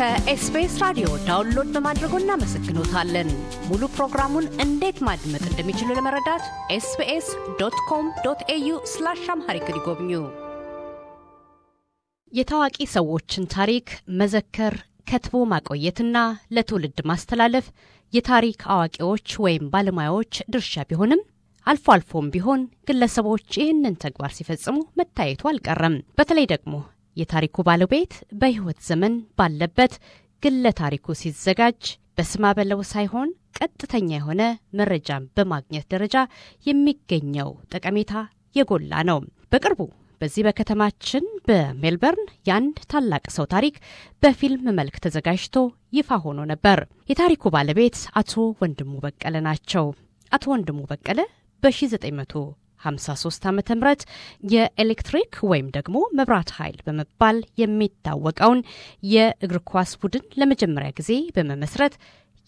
ከኤስቢኤስ ራዲዮ ዳውንሎድ በማድረጎ እናመሰግኖታለን። ሙሉ ፕሮግራሙን እንዴት ማድመጥ እንደሚችሉ ለመረዳት ኤስቢኤስ ዶት ኮም ዶት ኤዩ ስላሽ አምሃሪክ ይጎብኙ። የታዋቂ ሰዎችን ታሪክ መዘከር፣ ከትቦ ማቆየትና ለትውልድ ማስተላለፍ የታሪክ አዋቂዎች ወይም ባለሙያዎች ድርሻ ቢሆንም አልፎ አልፎም ቢሆን ግለሰቦች ይህንን ተግባር ሲፈጽሙ መታየቱ አልቀረም። በተለይ ደግሞ የታሪኩ ባለቤት በሕይወት ዘመን ባለበት ግለ ታሪኩ ሲዘጋጅ በስማ በለው ሳይሆን ቀጥተኛ የሆነ መረጃን በማግኘት ደረጃ የሚገኘው ጠቀሜታ የጎላ ነው። በቅርቡ በዚህ በከተማችን በሜልበርን የአንድ ታላቅ ሰው ታሪክ በፊልም መልክ ተዘጋጅቶ ይፋ ሆኖ ነበር። የታሪኩ ባለቤት አቶ ወንድሙ በቀለ ናቸው። አቶ ወንድሙ በቀለ በ1900 53 ዓ ም የኤሌክትሪክ ወይም ደግሞ መብራት ኃይል በመባል የሚታወቀውን የእግር ኳስ ቡድን ለመጀመሪያ ጊዜ በመመስረት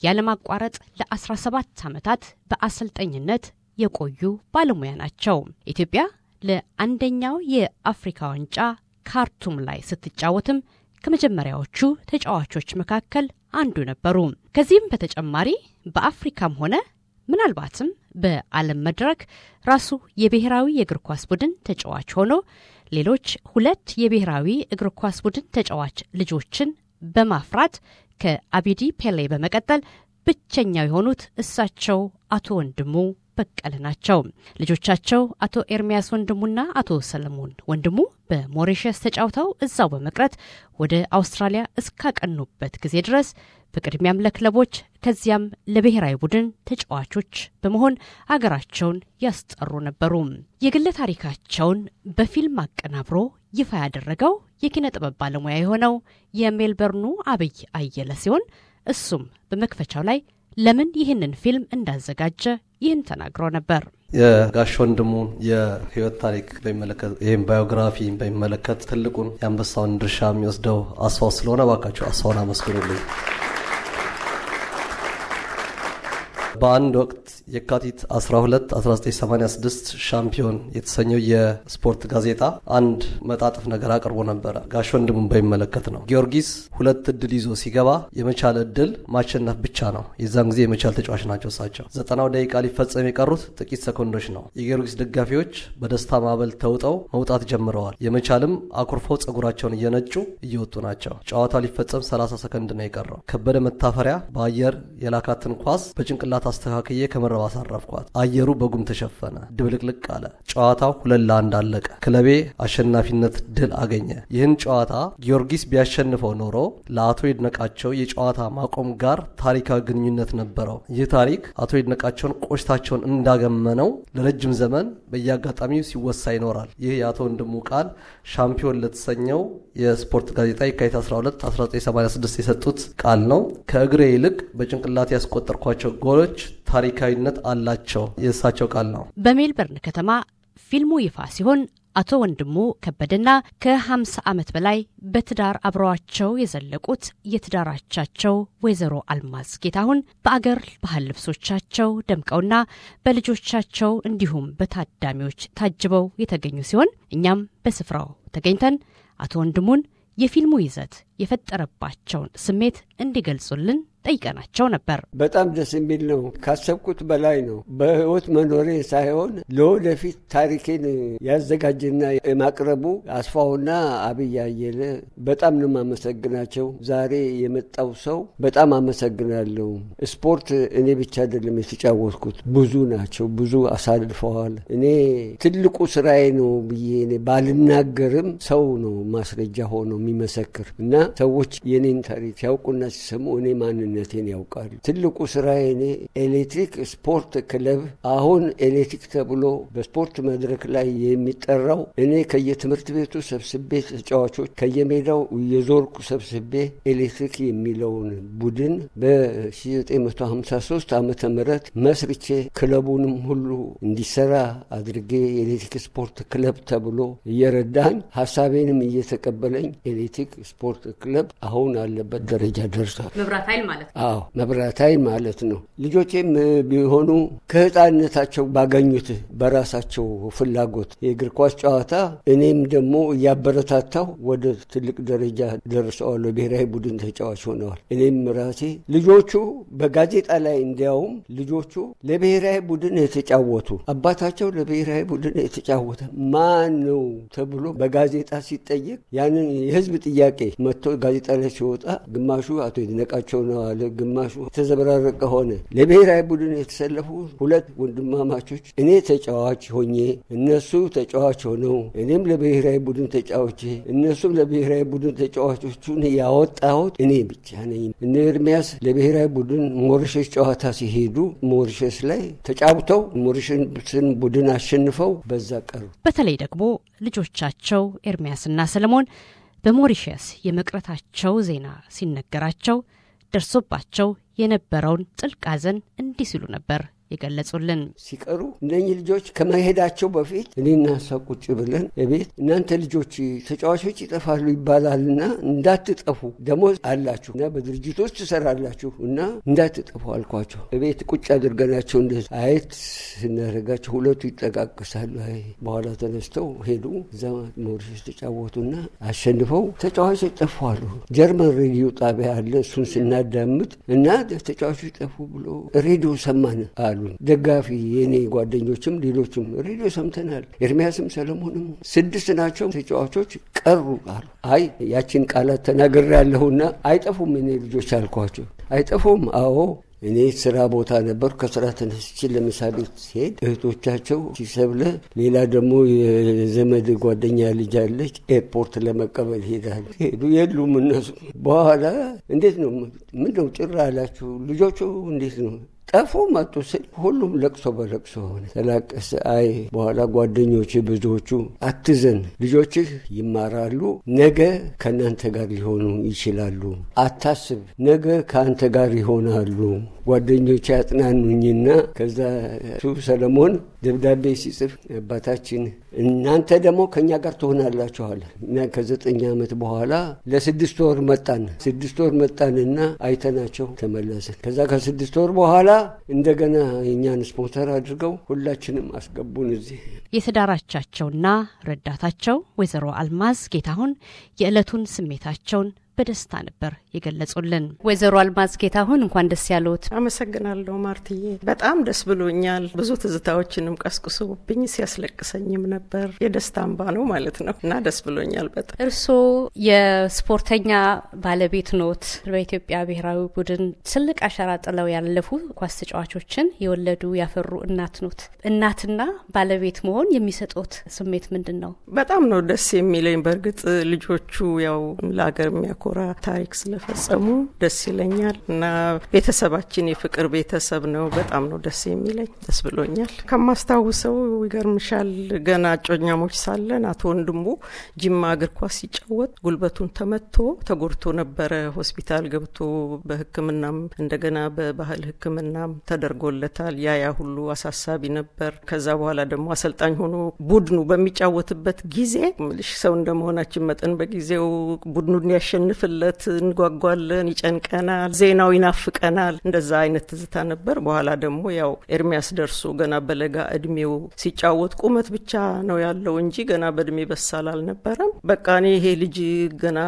ያለማቋረጥ ለ17 ዓመታት በአሰልጠኝነት የቆዩ ባለሙያ ናቸው። ኢትዮጵያ ለአንደኛው የአፍሪካ ዋንጫ ካርቱም ላይ ስትጫወትም ከመጀመሪያዎቹ ተጫዋቾች መካከል አንዱ ነበሩ። ከዚህም በተጨማሪ በአፍሪካም ሆነ ምናልባትም በዓለም መድረክ ራሱ የብሔራዊ የእግር ኳስ ቡድን ተጫዋች ሆኖ ሌሎች ሁለት የብሔራዊ እግር ኳስ ቡድን ተጫዋች ልጆችን በማፍራት ከአቢዲ ፔሌ በመቀጠል ብቸኛው የሆኑት እሳቸው አቶ ወንድሙ በቀለ ናቸው። ልጆቻቸው አቶ ኤርሚያስ ወንድሙና አቶ ሰለሞን ወንድሙ በሞሪሸስ ተጫውተው እዛው በመቅረት ወደ አውስትራሊያ እስካቀኑበት ጊዜ ድረስ በቅድሚያም ለክለቦች ከዚያም ለብሔራዊ ቡድን ተጫዋቾች በመሆን አገራቸውን ያስጠሩ ነበሩ። የግለ ታሪካቸውን በፊልም አቀናብሮ ይፋ ያደረገው የኪነ ጥበብ ባለሙያ የሆነው የሜልበርኑ አብይ አየለ ሲሆን እሱም በመክፈቻው ላይ ለምን ይህንን ፊልም እንዳዘጋጀ ይህን ተናግሮ ነበር። የጋሽ ወንድሙ የህይወት ታሪክ በሚመለከት ይህም ባዮግራፊ በሚመለከት ትልቁን የአንበሳውን ድርሻ የሚወስደው አስፋው ስለሆነ እባካችሁ አስፋውን አመስግኑልኝ። በአንድ ወቅት የካቲት 12 1986 ሻምፒዮን የተሰኘው የስፖርት ጋዜጣ አንድ መጣጥፍ ነገር አቅርቦ ነበረ። ጋሽ ወንድሙን በሚመለከት ነው። ጊዮርጊስ ሁለት እድል ይዞ ሲገባ የመቻል እድል ማሸነፍ ብቻ ነው። የዛን ጊዜ የመቻል ተጫዋች ናቸው እሳቸው። ዘጠናው ደቂቃ ሊፈጸም የቀሩት ጥቂት ሰኮንዶች ነው። የጊዮርጊስ ደጋፊዎች በደስታ ማዕበል ተውጠው መውጣት ጀምረዋል። የመቻልም አኩርፈው ጸጉራቸውን እየነጩ እየወጡ ናቸው። ጨዋታው ሊፈጸም 30 ሰከንድ ነው የቀረው። ከበደ መታፈሪያ በአየር የላካትን ኳስ በጭንቅላት አስተካክዬ ከመረብ አሳረፍኳት። አየሩ በጉም ተሸፈነ፣ ድብልቅልቅ አለ። ጨዋታው ሁለት ለአንድ አለቀ። ክለቤ አሸናፊነት ድል አገኘ። ይህን ጨዋታ ጊዮርጊስ ቢያሸንፈው ኖሮ ለአቶ ይድነቃቸው የጨዋታ ማቆም ጋር ታሪካዊ ግንኙነት ነበረው። ይህ ታሪክ አቶ ይድነቃቸውን ቆሽታቸውን እንዳገመነው ለረጅም ዘመን በየአጋጣሚው ሲወሳ ይኖራል። ይህ የአቶ ወንድሙ ቃል ሻምፒዮን ለተሰኘው የስፖርት ጋዜጣ የካቲት 12 1986 የሰጡት ቃል ነው። ከእግሬ ይልቅ በጭንቅላት ያስቆጠርኳቸው ጎሎች ታሪካዊነት አላቸው። የእሳቸው ቃል ነው። በሜልበርን ከተማ ፊልሙ ይፋ ሲሆን አቶ ወንድሙ ከበደና ከ50 ዓመት በላይ በትዳር አብረዋቸው የዘለቁት የትዳራቻቸው ወይዘሮ አልማዝ ጌታሁን በአገር ባህል ልብሶቻቸው ደምቀውና በልጆቻቸው እንዲሁም በታዳሚዎች ታጅበው የተገኙ ሲሆን እኛም በስፍራው ተገኝተን አቶ ወንድሙን የፊልሙ ይዘት የፈጠረባቸውን ስሜት እንዲገልጹልን ጠይቀናቸው ነበር። በጣም ደስ የሚል ነው። ካሰብኩት በላይ ነው። በህይወት መኖሬ ሳይሆን ለወደፊት ታሪኬን ያዘጋጅና የማቅረቡ አስፋውና አብይ አየለ በጣም ነው የማመሰግናቸው። ዛሬ የመጣው ሰው በጣም አመሰግናለሁ። ስፖርት እኔ ብቻ አይደለም የተጫወትኩት፣ ብዙ ናቸው፣ ብዙ አሳልፈዋል። እኔ ትልቁ ስራዬ ነው ብዬ እኔ ባልናገርም ሰው ነው ማስረጃ ሆኖ የሚመሰክር እና ሰዎች የኔን ታሪክ ሲያውቁና ሲሰሙ እኔ ማንን ማንነቴን ያውቃሉ። ትልቁ ስራ እኔ ኤሌክትሪክ ስፖርት ክለብ አሁን ኤሌክትሪክ ተብሎ በስፖርት መድረክ ላይ የሚጠራው እኔ ከየትምህርት ቤቱ ሰብስቤ ተጫዋቾች ከየሜዳው የዞርኩ ሰብስቤ ኤሌክትሪክ የሚለውን ቡድን በ1953 ዓ ምህረት መስርቼ ክለቡንም ሁሉ እንዲሰራ አድርጌ የኤሌክትሪክ ስፖርት ክለብ ተብሎ እየረዳኝ ሀሳቤንም እየተቀበለኝ ኤሌክትሪክ ስፖርት ክለብ አሁን አለበት ደረጃ ደርሷል። መብራት ኃይል ማለት ማለት ነው። አዎ መብራታይ ማለት ነው። ልጆቼም ቢሆኑ ከህፃንነታቸው ባገኙት በራሳቸው ፍላጎት የእግር ኳስ ጨዋታ እኔም ደግሞ እያበረታታሁ ወደ ትልቅ ደረጃ ደርሰዋል። ብሔራዊ ቡድን ተጫዋች ሆነዋል። እኔም ራሴ ልጆቹ በጋዜጣ ላይ እንዲያውም ልጆቹ ለብሔራዊ ቡድን የተጫወቱ አባታቸው ለብሔራዊ ቡድን የተጫወተ ማን ነው ተብሎ በጋዜጣ ሲጠየቅ ያንን የህዝብ ጥያቄ መጥቶ ጋዜጣ ላይ ሲወጣ ግማሹ አቶ ይድነቃቸው ነው የተባለ ግማሹ የተዘበራረቀ ሆነ። ለብሔራዊ ቡድን የተሰለፉ ሁለት ወንድማማቾች እኔ ተጫዋች ሆኜ እነሱ ተጫዋች ሆነው እኔም ለብሔራዊ ቡድን ተጫዋቼ እነሱም ለብሔራዊ ቡድን ተጫዋቾቹን ያወጣሁት እኔ ብቻ ነኝ። እነ ኤርሚያስ ለብሔራዊ ቡድን ሞሪሸስ ጨዋታ ሲሄዱ ሞሪሸስ ላይ ተጫውተው ሞሪሸስን ቡድን አሸንፈው በዛ ቀሩ። በተለይ ደግሞ ልጆቻቸው ኤርሚያስና ሰለሞን በሞሪሸስ የመቅረታቸው ዜና ሲነገራቸው ደርሶባቸው የነበረውን ጥልቅ ሐዘን እንዲህ ሲሉ ነበር የገለጹልን። ሲቀሩ እነኚህ ልጆች ከመሄዳቸው በፊት እኔና እሷ ቁጭ ብለን ቤት እናንተ ልጆች ተጫዋቾች ይጠፋሉ ይባላልና እንዳትጠፉ ደግሞ አላችሁ እና በድርጅቶች ትሰራላችሁ እና እንዳትጠፉ አልኳቸው። ቤት ቁጭ አድርገናቸው እንደ አየት ስናደርጋቸው ሁለቱ ይጠቃቅሳሉ። አይ በኋላ ተነስተው ሄዱ። እዛ ሞሪስ ተጫወቱና አሸንፈው ተጫዋቾች ጠፋሉ። ጀርመን ሬዲዮ ጣቢያ አለ። እሱን ስናዳምጥ እና ተጫዋቾች ጠፉ ብሎ ሬዲዮ ሰማን አሉ። አሉኝ ደጋፊ የኔ ጓደኞችም ሌሎችም ሬዲዮ ሰምተናል፣ ኤርሚያስም ሰለሞንም ስድስት ናቸው ተጫዋቾች ቀሩ አሉ። አይ ያችን ቃላት ተናገር ያለሁና አይጠፉም እኔ ልጆች አልኳቸው። አይጠፉም አዎ እኔ ስራ ቦታ ነበር። ከስራ ተነስቼ ለምሳሌ ሲሄድ እህቶቻቸው ሲሰብለ፣ ሌላ ደግሞ የዘመድ ጓደኛ ልጅ አለች፣ ኤርፖርት ለመቀበል ሄዳል። ሄዱ የሉም እነሱ። በኋላ እንዴት ነው ምንድነው ጭራ አላችሁ ልጆቹ እንዴት ነው ጠፉ መጡ ስል ሁሉም ለቅሶ በለቅሶ ሆነ። ተላቀስ አይ በኋላ ጓደኞች ብዙዎቹ አትዘን፣ ልጆችህ ይማራሉ፣ ነገ ከእናንተ ጋር ሊሆኑ ይችላሉ፣ አታስብ፣ ነገ ከአንተ ጋር ይሆናሉ። ጓደኞች ያጽናኑኝና ከዛ ሰለሞን ደብዳቤ ሲጽፍ አባታችን እናንተ ደግሞ ከእኛ ጋር ትሆናላችኋል እና ከዘጠኝ ዓመት በኋላ ለስድስት ወር መጣን። ስድስት ወር መጣንና አይተናቸው ተመለስን። ከዛ ከስድስት ወር በኋላ እንደገና የእኛን ስፖንሰር አድርገው ሁላችንም አስገቡን እዚህ። የተዳራቻቸውና ረዳታቸው ወይዘሮ አልማዝ ጌታሁን የዕለቱን ስሜታቸውን በደስታ ነበር የገለጹልን። ወይዘሮ አልማዝ ጌታሁን እንኳን ደስ ያለዎት። አመሰግናለሁ ማርትዬ። በጣም ደስ ብሎኛል። ብዙ ትዝታዎችንም ቀስቅሶብኝ ሲያስለቅሰኝም ነበር። የደስታ እንባ ነው ማለት ነው እና ደስ ብሎኛል በጣም። እርስዎ የስፖርተኛ ባለቤት ኖት። በኢትዮጵያ ብሔራዊ ቡድን ትልቅ አሻራ ጥለው ያለፉ ኳስ ተጫዋቾችን የወለዱ ያፈሩ እናት ኖት። እናትና ባለቤት መሆን የሚሰጡት ስሜት ምንድን ነው? በጣም ነው ደስ የሚለኝ። በእርግጥ ልጆቹ ያው ለሀገር የሚያኮ ኮራ ታሪክ ስለፈጸሙ ደስ ይለኛል እና ቤተሰባችን የፍቅር ቤተሰብ ነው። በጣም ነው ደስ የሚለኝ። ደስ ብሎኛል። ከማስታውሰው ይገርምሻል፣ ገና እጮኛሞች ሳለን አቶ ወንድሙ ጅማ እግር ኳስ ሲጫወት ጉልበቱን ተመቶ ተጎድቶ ነበረ። ሆስፒታል ገብቶ በሕክምናም እንደገና በባህል ሕክምናም ተደርጎለታል። ያ ያ ሁሉ አሳሳቢ ነበር። ከዛ በኋላ ደግሞ አሰልጣኝ ሆኖ ቡድኑ በሚጫወትበት ጊዜ ምልሽ ሰው እንደመሆናችን መጠን በጊዜው ቡድኑን ያሸንፍ ንፍለት እንጓጓለን፣ ይጨንቀናል፣ ዜናው ይናፍቀናል። እንደዛ አይነት ትዝታ ነበር። በኋላ ደግሞ ያው ኤርሚያስ ደርሶ ገና በለጋ እድሜው ሲጫወት ቁመት ብቻ ነው ያለው እንጂ ገና በእድሜ በሳል አልነበረም። በቃ እኔ ይሄ ልጅ ገና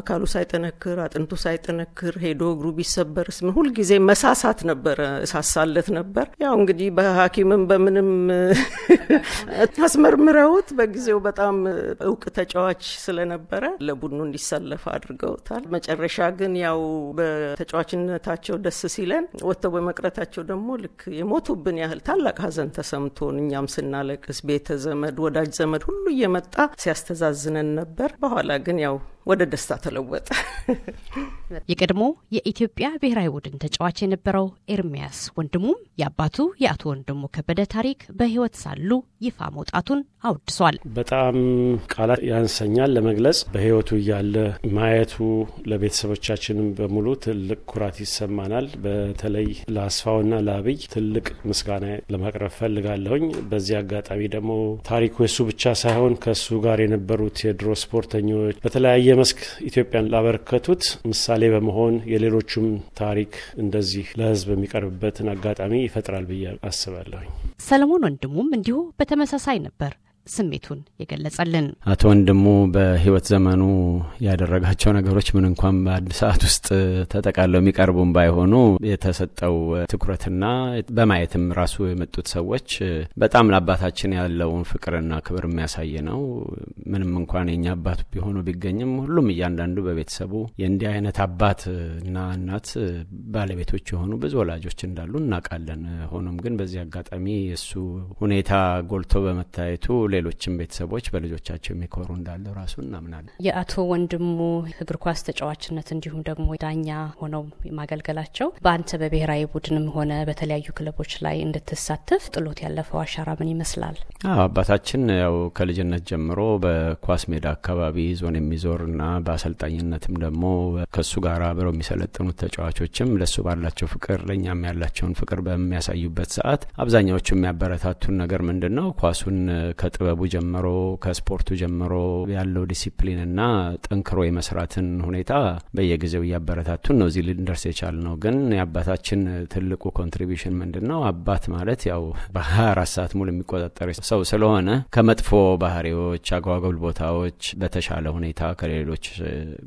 አካሉ ሳይጠነክር አጥንቱ ሳይጠነክር ሄዶ እግሩ ቢሰበርስ ምን ሁልጊዜ መሳሳት ነበረ፣ እሳሳለት ነበር። ያው እንግዲህ በሐኪምም በምንም አስመርምረውት በጊዜው በጣም እውቅ ተጫዋች ስለነበረ ለቡድኑ እንዲሰለፍ አድርገ አድርገውታል። መጨረሻ ግን ያው በተጫዋችነታቸው ደስ ሲለን ወጥተው በመቅረታቸው ደግሞ ልክ የሞቱብን ያህል ታላቅ ሀዘን ተሰምቶን እኛም ስናለቅስ ቤተ ዘመድ፣ ወዳጅ ዘመድ ሁሉ እየመጣ ሲያስተዛዝነን ነበር። በኋላ ግን ያው ወደ ደስታ ተለወጠ። የቀድሞ የኢትዮጵያ ብሔራዊ ቡድን ተጫዋች የነበረው ኤርሚያስ ወንድሙም የአባቱ የአቶ ወንድሙ ከበደ ታሪክ በሕይወት ሳሉ ይፋ መውጣቱን አውድሷል። በጣም ቃላት ያንሰኛል ለመግለጽ በሕይወቱ እያለ ማየቱ ለቤተሰቦቻችንም በሙሉ ትልቅ ኩራት ይሰማናል። በተለይ ለአስፋውና ለአብይ ትልቅ ምስጋና ለማቅረብ ፈልጋለሁኝ። በዚህ አጋጣሚ ደግሞ ታሪኩ የሱ ብቻ ሳይሆን ከሱ ጋር የነበሩት የድሮ ስፖርተኞች በተለያየ የመስክ ኢትዮጵያን ላበረከቱት ምሳሌ በመሆን የሌሎቹም ታሪክ እንደዚህ ለህዝብ የሚቀርብበትን አጋጣሚ ይፈጥራል ብዬ አስባለሁኝ። ሰለሞን ወንድሙም እንዲሁ በተመሳሳይ ነበር ስሜቱን የገለጸልን አቶ ወንድሙ በህይወት ዘመኑ ያደረጋቸው ነገሮች ምን እንኳን በአንድ ሰዓት ውስጥ ተጠቃለው የሚቀርቡም ባይሆኑ የተሰጠው ትኩረትና በማየትም ራሱ የመጡት ሰዎች በጣም ለአባታችን ያለውን ፍቅርና ክብር የሚያሳይ ነው። ምንም እንኳን የኛ አባት ቢሆኑ ቢገኝም ሁሉም እያንዳንዱ በቤተሰቡ የእንዲህ አይነት አባት እና እናት ባለቤቶች የሆኑ ብዙ ወላጆች እንዳሉ እናውቃለን። ሆኖም ግን በዚህ አጋጣሚ የእሱ ሁኔታ ጎልቶ በመታየቱ ሌሎችም ቤተሰቦች በልጆቻቸው የሚኮሩ እንዳለ ራሱ እናምናለን። የአቶ ወንድሙ እግር ኳስ ተጫዋችነት እንዲሁም ደግሞ ዳኛ ሆነው ማገልገላቸው በአንተ በብሔራዊ ቡድንም ሆነ በተለያዩ ክለቦች ላይ እንድትሳተፍ ጥሎት ያለፈው አሻራ ምን ይመስላል? አባታችን ያው ከልጅነት ጀምሮ በኳስ ሜዳ አካባቢ ዞን የሚዞርና በአሰልጣኝነትም ደግሞ ከሱ ጋር አብረው የሚሰለጥኑት ተጫዋቾችም ለሱ ባላቸው ፍቅር ለእኛም ያላቸውን ፍቅር በሚያሳዩበት ሰዓት አብዛኛዎቹ የሚያበረታቱን ነገር ምንድን ነው ኳሱን ከ ጥበቡ ጀምሮ ከስፖርቱ ጀምሮ ያለው ዲሲፕሊን እና ጠንክሮ የመስራትን ሁኔታ በየጊዜው እያበረታቱን ነው እዚህ ልንደርስ የቻል ነው። ግን የአባታችን ትልቁ ኮንትሪቢሽን ምንድን ነው? አባት ማለት ያው በ24 ሰዓት ሙሉ የሚቆጣጠር ሰው ስለሆነ ከመጥፎ ባህሪዎች፣ አጓጉል ቦታዎች በተሻለ ሁኔታ ከሌሎች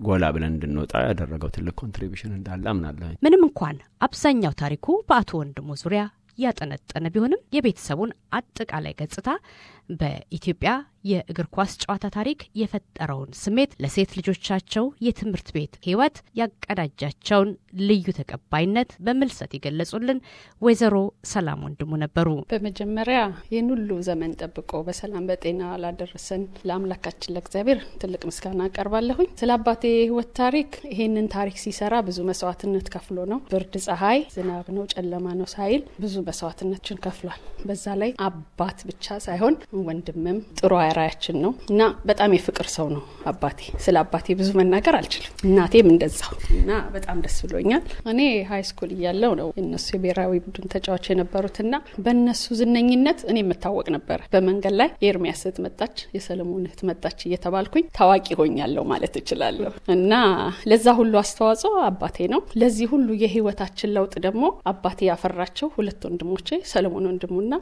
ጎላ ብለን እንድንወጣ ያደረገው ትልቅ ኮንትሪቢሽን እንዳለ አምናለሁ። ምንም እንኳን አብዛኛው ታሪኩ በአቶ ወንድሙ ዙሪያ ያጠነጠነ ቢሆንም የቤተሰቡን አጠቃላይ ገጽታ በኢትዮጵያ የእግር ኳስ ጨዋታ ታሪክ የፈጠረውን ስሜት ለሴት ልጆቻቸው የትምህርት ቤት ሕይወት ያቀዳጃቸውን ልዩ ተቀባይነት በምልሰት የገለጹልን ወይዘሮ ሰላም ወንድሙ ነበሩ። በመጀመሪያ ይህን ሁሉ ዘመን ጠብቆ በሰላም በጤና ላደረሰን ለአምላካችን ለእግዚአብሔር ትልቅ ምስጋና አቀርባለሁኝ። ስለ አባቴ የሕይወት ታሪክ ይህንን ታሪክ ሲሰራ ብዙ መስዋዕትነት ከፍሎ ነው። ብርድ፣ ፀሐይ፣ ዝናብ ነው ጨለማ ነው ሳይል ብዙ መስዋዕትነችን ከፍሏል። በዛ ላይ አባት ብቻ ሳይሆን ወንድምም ጥሩ አያራያችን ነው እና በጣም የፍቅር ሰው ነው አባቴ። ስለ አባቴ ብዙ መናገር አልችልም፣ እናቴም እንደዛው እና በጣም ደስ ብሎኛል። እኔ ሀይ ስኩል እያለው ነው እነሱ የብሔራዊ ቡድን ተጫዋች እና በእነሱ ዝነኝነት እኔ የምታወቅ ነበረ። በመንገድ ላይ የኤርሚያስ እህት መጣች፣ የሰለሞን እህት መጣች እየተባልኩኝ ታዋቂ ሆኛለሁ ማለት እችላለሁ እና ለዛ ሁሉ አስተዋጽኦ አባቴ ነው። ለዚህ ሁሉ የህይወታችን ለውጥ ደግሞ አባቴ ያፈራቸው ሁለት ወንድሞቼ ሰለሞን ወንድሙና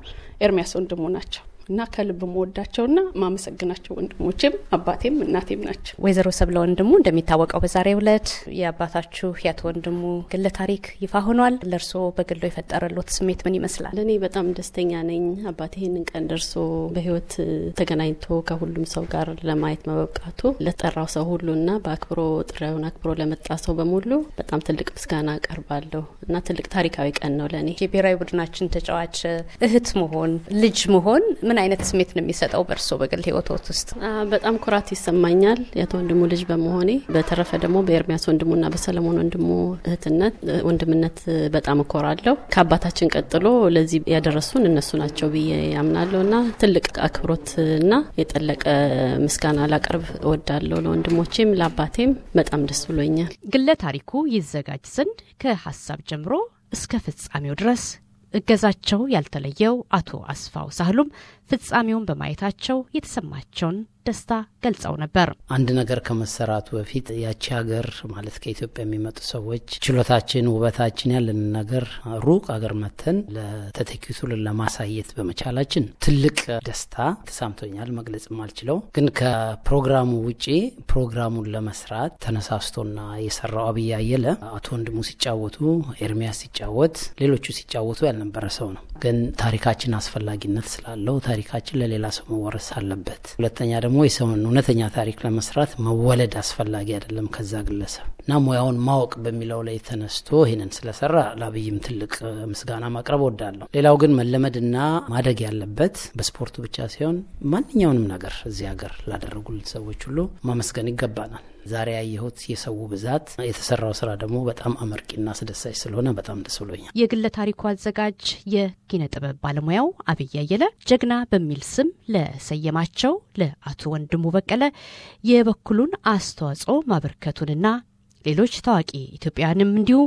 ኤርሚያስ ወንድሙ ናቸው። እና ከልብ መወዳቸውና ማመሰግናቸው ወንድሞችም አባቴም እናቴም ናቸው። ወይዘሮ ሰብለ ወንድሙ እንደሚታወቀው በዛሬ ዕለት የአባታችሁ ያት ወንድሙ ግለ ታሪክ ይፋ ሆኗል። ለእርስዎ በግሎ የፈጠረሎት ስሜት ምን ይመስላል? እኔ በጣም ደስተኛ ነኝ። አባቴ ይህንን ቀን ደርሶ በህይወት ተገናኝቶ ከሁሉም ሰው ጋር ለማየት መበቃቱ ለጠራው ሰው ሁሉና በአክብሮ ጥሪያውን አክብሮ ለመጣ ሰው በሙሉ በጣም ትልቅ ምስጋና አቀርባለሁ እና ትልቅ ታሪካዊ ቀን ነው ለእኔ። የብሔራዊ ቡድናችን ተጫዋች እህት መሆን ልጅ መሆን ምን ምን አይነት ስሜት ነው የሚሰጠው በእርሶ በግል ህይወቶት ውስጥ? በጣም ኩራት ይሰማኛል የአቶ ወንድሙ ልጅ በመሆኔ። በተረፈ ደግሞ በኤርሚያስ ወንድሙና በሰለሞን ወንድሙ እህትነት ወንድምነት በጣም እኮራለሁ። ከአባታችን ቀጥሎ ለዚህ ያደረሱን እነሱ ናቸው ብዬ ያምናለሁ እና ትልቅ አክብሮትና የጠለቀ ምስጋና ላቀርብ እወዳለሁ ለወንድሞቼም ለአባቴም በጣም ደስ ብሎኛል። ግለ ታሪኩ ይዘጋጅ ዘንድ ከሀሳብ ጀምሮ እስከ ፍጻሜው ድረስ እገዛቸው ያልተለየው አቶ አስፋው ሳህሉም ፍጻሜውን በማየታቸው የተሰማቸውን ደስታ ገልጸው ነበር። አንድ ነገር ከመሰራቱ በፊት ያቺ ሀገር ማለት ከኢትዮጵያ የሚመጡ ሰዎች ችሎታችን፣ ውበታችን ያለን ነገር ሩቅ ሀገር መተን ለተተኪው ትውልድ ለማሳየት በመቻላችን ትልቅ ደስታ ተሳምቶኛል። መግለጽም አልችለው። ግን ከፕሮግራሙ ውጪ ፕሮግራሙን ለመስራት ተነሳስቶና የሰራው አብይ አየለ አቶ ወንድሙ ሲጫወቱ፣ ኤርሚያስ ሲጫወት፣ ሌሎቹ ሲጫወቱ ያልነበረ ሰው ነው። ግን ታሪካችን አስፈላጊነት ስላለው ታሪካችን ለሌላ ሰው መወረስ አለበት። ሁለተኛ ደግሞ ደግሞ የሰውን እውነተኛ ታሪክ ለመስራት መወለድ አስፈላጊ አይደለም ከዛ ግለሰብ እና ሙያውን ማወቅ በሚለው ላይ ተነስቶ ይህንን ስለሰራ ለአብይም ትልቅ ምስጋና ማቅረብ ወዳለሁ። ሌላው ግን መለመድና ማደግ ያለበት በስፖርቱ ብቻ ሳይሆን ማንኛውንም ነገር እዚህ ሀገር ላደረጉልን ሰዎች ሁሉ ማመስገን ይገባናል። ዛሬ ያየሁት የሰው ብዛት፣ የተሰራው ስራ ደግሞ በጣም አመርቂና አስደሳች ስለሆነ በጣም ደስ ብሎኛል። የግለ ታሪኩ አዘጋጅ የኪነ ጥበብ ባለሙያው አብይ አየለ ጀግና በሚል ስም ለሰየማቸው ለአቶ ወንድሙ በቀለ የበኩሉን አስተዋጽኦ ማበርከቱንና ሌሎች ታዋቂ ኢትዮጵያውያንም እንዲሁ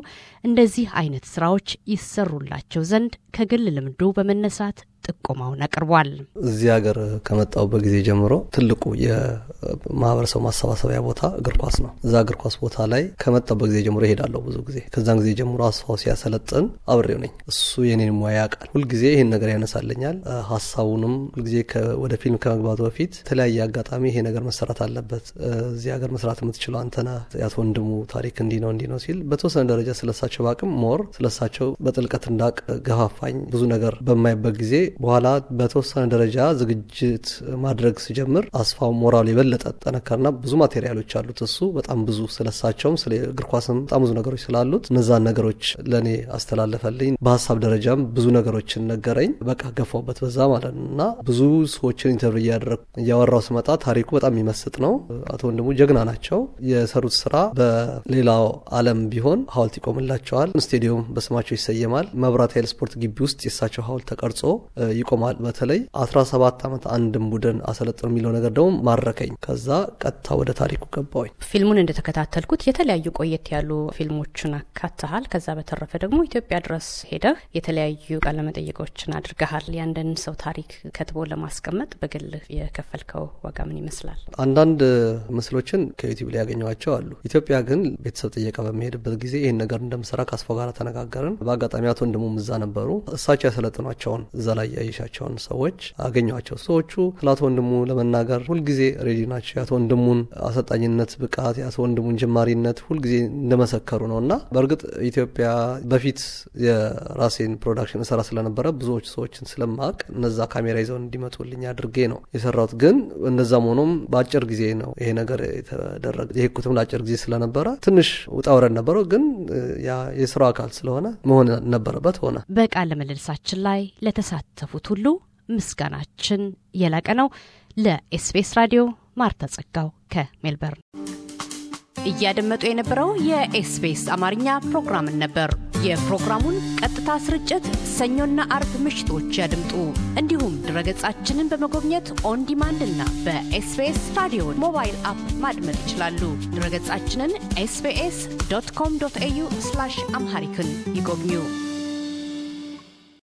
እንደዚህ አይነት ስራዎች ይሰሩላቸው ዘንድ ከግል ልምዱ በመነሳት ጥቆማውን አቅርቧል። እዚህ ሀገር ከመጣሁበት ጊዜ ጀምሮ ትልቁ የማህበረሰቡ ማሰባሰቢያ ቦታ እግር ኳስ ነው። እዛ እግር ኳስ ቦታ ላይ ከመጣሁበት ጊዜ ጀምሮ ይሄዳለሁ ብዙ ጊዜ። ከዛን ጊዜ ጀምሮ አስፋው ሲያሰለጥን አብሬው ነኝ። እሱ የኔን ሙያ ያውቃል። ሁልጊዜ ይህን ነገር ያነሳልኛል። ሀሳቡንም ሁልጊዜ ወደ ፊልም ከመግባቱ በፊት የተለያየ አጋጣሚ ይሄ ነገር መሰራት አለበት፣ እዚህ ሀገር መስራት የምትችለው አንተና ያት ወንድሙ ታሪክ እንዲህ ነው እንዲህ ነው ሲል በተወሰነ ደረጃ ስለሳቸው በአቅም ሞር ስለሳቸው በጥልቀት እንዳቅ ገፋፋኝ ብዙ ነገር በማይበት ጊዜ በኋላ በተወሰነ ደረጃ ዝግጅት ማድረግ ሲጀምር አስፋው ሞራሉ የበለጠ ጠነከርና ብዙ ማቴሪያሎች አሉት። እሱ በጣም ብዙ ስለሳቸውም ስለ እግር ኳስም በጣም ብዙ ነገሮች ስላሉት እነዛን ነገሮች ለእኔ አስተላለፈልኝ። በሀሳብ ደረጃም ብዙ ነገሮችን ነገረኝ። በቃ ገፋውበት በዛ ማለት ነው እና ብዙ ሰዎችን ኢንተርቪው እያደረግ እያወራው ስመጣ ታሪኩ በጣም የሚመስጥ ነው። አቶ ወንድሙ ጀግና ናቸው። የሰሩት ስራ በሌላው ዓለም ቢሆን ሀውልት ይቆምላቸዋል። ስቴዲየም በስማቸው ይሰየማል። መብራት ኃይል ስፖርት ግቢ ውስጥ የሳቸው ሀውልት ተቀርጾ ይቆማል። በተለይ 17 ዓመት አንድም ቡድን አሰለጥን የሚለው ነገር ደግሞ ማረከኝ። ከዛ ቀጥታ ወደ ታሪኩ ገባሁኝ። ፊልሙን እንደተከታተልኩት የተለያዩ ቆየት ያሉ ፊልሞችን አካትሃል። ከዛ በተረፈ ደግሞ ኢትዮጵያ ድረስ ሄደህ የተለያዩ ቃለመጠይቆችን አድርገሃል። ያንድን ሰው ታሪክ ከትቦ ለማስቀመጥ በግል የከፈልከው ዋጋ ምን ይመስላል? አንዳንድ ምስሎችን ከዩቲዩብ ላይ ያገኘዋቸው አሉ። ኢትዮጵያ ግን ቤተሰብ ጥየቃ በሚሄድበት ጊዜ ይህን ነገር እንደምሰራ ከአስፋው ጋር ተነጋገርን። በአጋጣሚ አቶ ወንድሙም እዛ ነበሩ። እሳቸው ያሰለጥኗቸውን እዛ ላይ ያየሻቸውን ሰዎች አገኟቸው። ሰዎቹ ስለ አቶ ወንድሙ ለመናገር ሁልጊዜ ሬዲ ናቸው። የአቶ ወንድሙን አሰልጣኝነት ብቃት፣ የአቶ ወንድሙን ጀማሪነት ሁልጊዜ እንደመሰከሩ ነው እና በእርግጥ ኢትዮጵያ በፊት የራሴን ፕሮዳክሽን እሰራ ስለነበረ ብዙዎች ሰዎችን ስለማቅ እነዛ ካሜራ ይዘው እንዲመጡልኝ አድርጌ ነው የሰራሁት። ግን እነዛም ሆኖም በአጭር ጊዜ ነው ይሄ ነገር የተደረገ። የሄድኩትም ለአጭር ጊዜ ስለነበረ ትንሽ ውጣ ውረድ ነበረው። ግን ያ የስራው አካል ስለሆነ መሆን ነበረበት ሆነ። በቃለ ምልልሳችን ላይ ለተሳተ ለተሳተፉት ሁሉ ምስጋናችን የላቀ ነው። ለኤስቢኤስ ራዲዮ ማርታ ጸጋው ከሜልበርን እያደመጡ የነበረው የኤስቢኤስ አማርኛ ፕሮግራምን ነበር። የፕሮግራሙን ቀጥታ ስርጭት ሰኞና አርብ ምሽቶች ያድምጡ። እንዲሁም ድረገጻችንን በመጎብኘት ኦን ዲማንድ እና በኤስቢኤስ ራዲዮ ሞባይል አፕ ማድመጥ ይችላሉ። ድረገጻችንን ኤስቢኤስ ዶት ኮም ዶት ኤዩ አምሃሪክን ይጎብኙ።